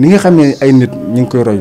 ni nga xam ne ay nit ñu ngi koy roy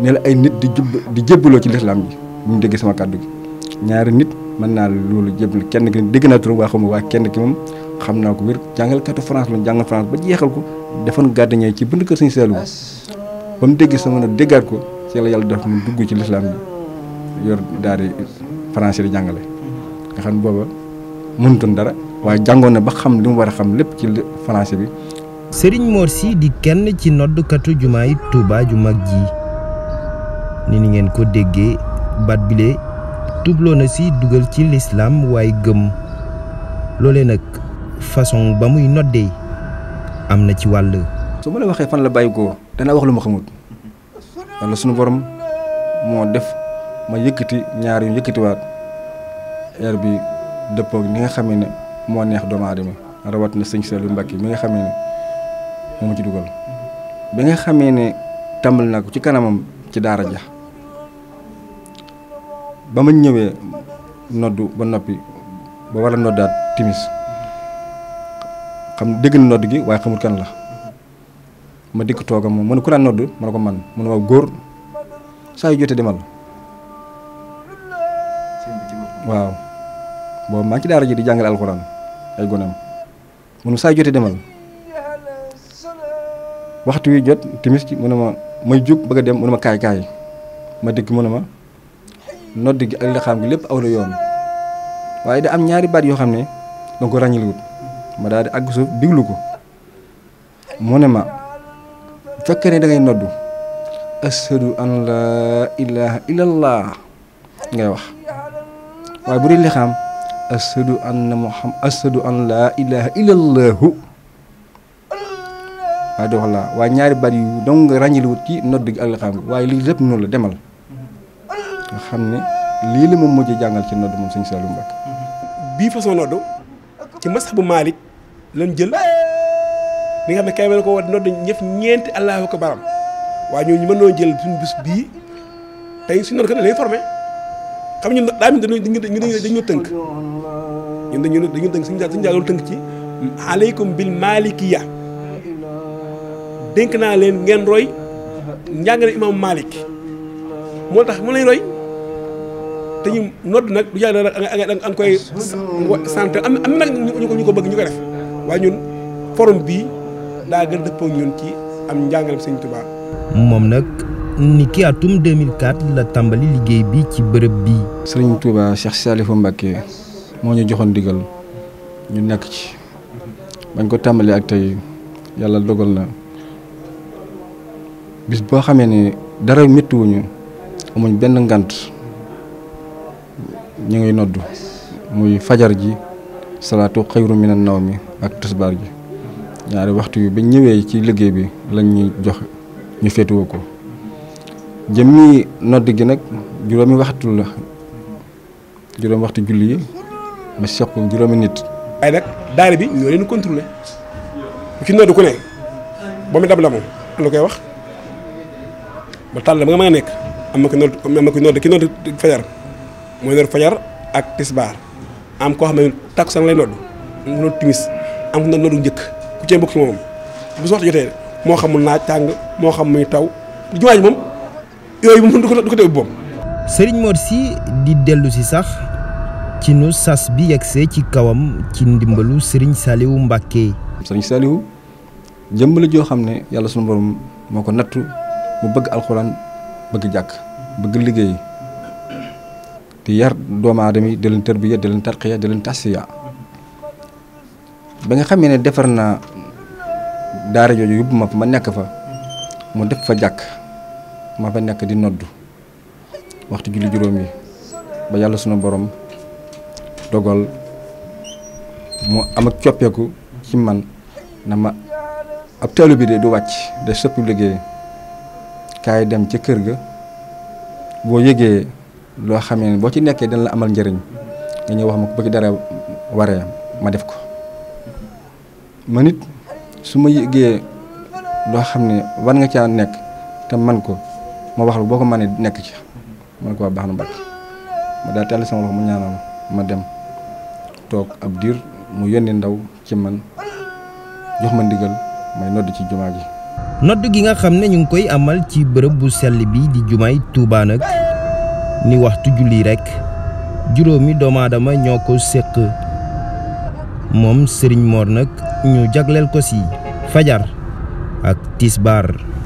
ne la ay nit di jub di jébbaloo ci lislaam bi bu ñu déggee sama kàddu gi ñaari nit mën naa loolu jébbal kenn ki dégg naa trop waa xam waa kenn ki moom xam naa ko wér jàngalkatu France la jàngal France ba jeexal ko defoon gardien ci bënd kër Sëñ Saliou ba mu déggee sama nag déggaat ko ci yàlla def mu dugg ci lislaam bi yor di français di jàngale nga xam booba mënutoon dara waaye jàngoon na ba xam li mu war a xam lépp ci français bi sëriñ Mor Sy di kenn ci noddukatu jumaay Touba ju mag ji ni ni ngeen ko déggee baat bi bile tubloo na si dugal ci lislaam waaye gëmm loolee nag fason ba muy noddee am na ci wàll. su ma la waxee fan la bàyyi ko danaa wax lu ma xamut walla sunu borom moo def ma yëkkati ñaar yu yëkkatiwaat air bi dëppoo ni nga xam ne moo neex doomu aadama rawat na sëñ Saliou Mbacké mi nga xam ne. moma ci duggal bi nga xamé né tàmbali na ko ci kanamam ci dara ja ba ma noddu ba nopi ba wala timis xam degg na noddu gi way xamul kan la ma dik tooga mo mu ne ku daan mal, wow, ko man mo wa gor say jotté demal waaw bo ma ci dara ji di jangal alcorane ay gonam mo say jotté demal waxtu wi jot timis mu ne ma may jug bëgga dem mu ne ma kaay kaay ma dikk mu ne ma nodd gi ak lixaam gi lépp aw la yoon waaye da am ñaari baat yoo xam ne da ko ràññiliwut ma daal di àgg suuf diglu ko mu ne ma fekk ne da ngay noddu ashadu an laa ilaha illallah ngay wax waaye bu dee lixaam ashadu anna muhammad ashadu an laa ilaha illallahu waaye doo wax laa waaye ñaari baat yu dong nga ràññiliwut ci nodd gi ak liqaam bi waaye lii lépp noonu la demal nga xam ne lii la moom mujjee jàngal ci nodd moom sëñ Saliou Mbacke bii façon nodd ci masax bu Malick lan jël li nga xam ne kay mel ko war nodd ñëf ñeenti allahu akbaram waaye ñooñu mën noo jël suñu bis bii tey suñu nodd ko ne lay formé xam ñun daa min dañu dañu tënk ñun dañu tënk suñu daal suñu daal tënk ci aleykum bil malikiya dénk naa leen ngeen roy njàngale imam Malick moo tax mu lay roy te ñu nodd nag du jàll da nga am koy sant am nag ñu ko ñu ko bëgg ñu ko def waaye ñun forum bii daa gën dëppoo ñun ci am njàngale Sëñ Tuubaa moom nag ni ki atum 2004 la tàmbali liggéey bi ci bërëb bii. Sëriñ Tuubaa Cheikh Salifou Mbacké moo ñu joxoon digal ñu nekk ci bañ ko tàmbali ak tey yàlla dogal na. bis boo xamee ni dara méttiwuñu amuñ benn ngant ñu ngi nodd muy fajar ji salaatu xayru minan naw mi ak tisbaar ji ñaari waxtu yi ba ñëwee ci liggéey bi lañ ñuy jox ñu féetuwu ko jëmmi nodd gi nag juróomi waxtu la juróomi waxtu julli yi ma seq juróomi nit. waaye nag daara bi ñoo leen contrôlé ku ci nodd ku ne ba mu dab la moom lu koy wax. ba tal ba nga nek am ko nodd am ko nodd ki nodd fajar moy nodd fajar ak tisbar am ko xam tak sang lay nodd no timis am ko nodd njëkk ku ci bokk mom bu sox jote mo xam na tang mo xam muy taw jumaa mom yoy yooyu moom ko du Serigne Mor si di delu si sax ci nu sas bi yegsee ci kawam ci ndimbalu Serigne Saliou Mbacké Serigne Saliou jëmbale jo xam yalla sunu borom moko ko nattu mu bëgg alquran bëgg jàkk bëgg liggéey di yar doomu aadama yi di leen tërbiya di leen tarqiya di leen tasiya ba nga xamee ne defar naa daara jooju yóbbu ma fa ma nekk fa mu def fa jàkk ma fa nekk di noddu waxtu julli juróom yi ba yàlla suñu borom dogal mu am ak coppeeku ci man na ma ab teelu bi de du wàcc de sëpp liggéey kay dem ci kër ga bo yëgee lo xamé bo ci nekké dañ la amal jering, nga ñu wax mako ko ci dara waré ma def ko man it su ma yëgee loo war nga caa nekk té man ko ma wax lu boko mané nekk ci man ko baax na ma da tell sama wax mu ñaanal ma dem tok ab mu ndaw ci man jox ma ndigal may nodd ci jumaa nodd gi nga xam ne ñu ngi koy amal ci bërëb bu sell bi di jumaay Touba nag ni waxtu julli rekk juróomi doomaadama aadama ñoo ko séq moom sëriñ Mor nag ñu jagleel ko ci fajar ak tisbaar